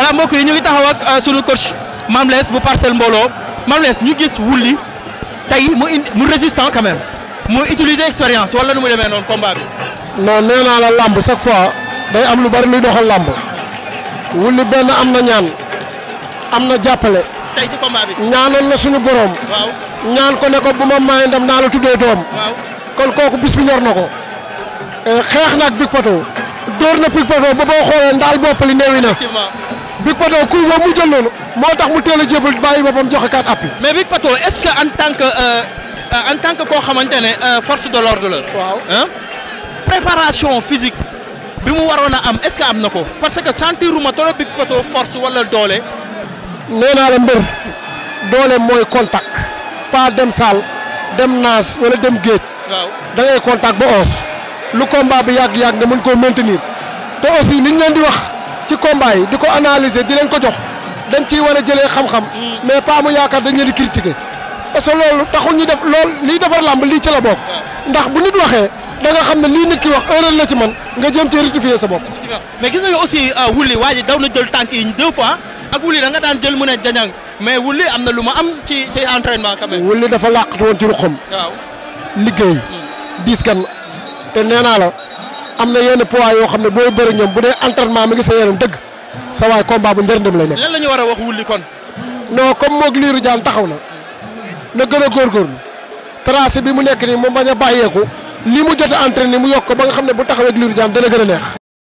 voilà mbokk yi ñu ngi taxaw ak euh, sunu coach Mame Less bu Parcelles Mbooloo Mame Less ñu gis Wouly tey mu indi mu résistant quand même mu utiliser expérience wala nu mu demee noonu combat bi. non nee naa la làmb chaque fois day am lu bari luy doxal làmb Wouly benn am na ñaan am na jàppale. tey ci combat bi ñaanoon na suñu borom. ñaan ko ne ko bu ma maay naa la tuddee doom. waaw kon kooku bis bi ñor na ko. Eh, xeex na ak Big Pato. dóor na Big Pato ba boo xoolee ndaal bopp li Big Pato kuy boobu mu jël loolu moo tax mu teel a jébal bàyyi boppam joxe kaat appui. mais Big Pato est-ce que en tant que euh, euh, en tant que koo xamante ne euh, force de l'ordre la. waaw préparation physique bi mu waroon a am est-ce que am na ko parce que sentiruma trop Big Pato force wala doole. nee la mbër doole mooy contact pas dem saal dem naas wala dem géej. waaw da ngay contact ba os lu combat bi yàgg-yàgg nga mën koo maintenir te aussi liñ leen di wax. ci combat yi di ko analyser di leen ko jox dañ ciy war a jëlee xam-xam. mais pas mu yaakaar dañ leen di critiquer. parce que loolu taxul ñu def lool liy defar làmb lii ci la bokk. ndax bu nit waxee da nga xam ne lii nit ki wax erreur la ci man nga jëm ci rectifier sa bopp. mais gis nañu aussi euh, wulli waa ji na jël tànk yi deux fois ak wulli da nga daan jël mu ne jañang mais wulli am na lu ma am ci ci entraînement quand même. wulli dafa làqatu woon ci ruqam. waaw liggéey. diis gan te nee naa la am na yenn poids yoo xam ne booy bëri ñoom bu dee entraînement mi ngi sa yaram dëgg sa waay combat bu njëriñam lay nekk. lan la ñu war a wax wulli kon. non comme moog liiru jaan taxaw na na gën a mi tracé bi mu nekk nii moom bañ a bàyyeeku li mu jot a entraîné mu yokk ba nga xam ne bu taxawee ak liiru jaan dana gën a neex.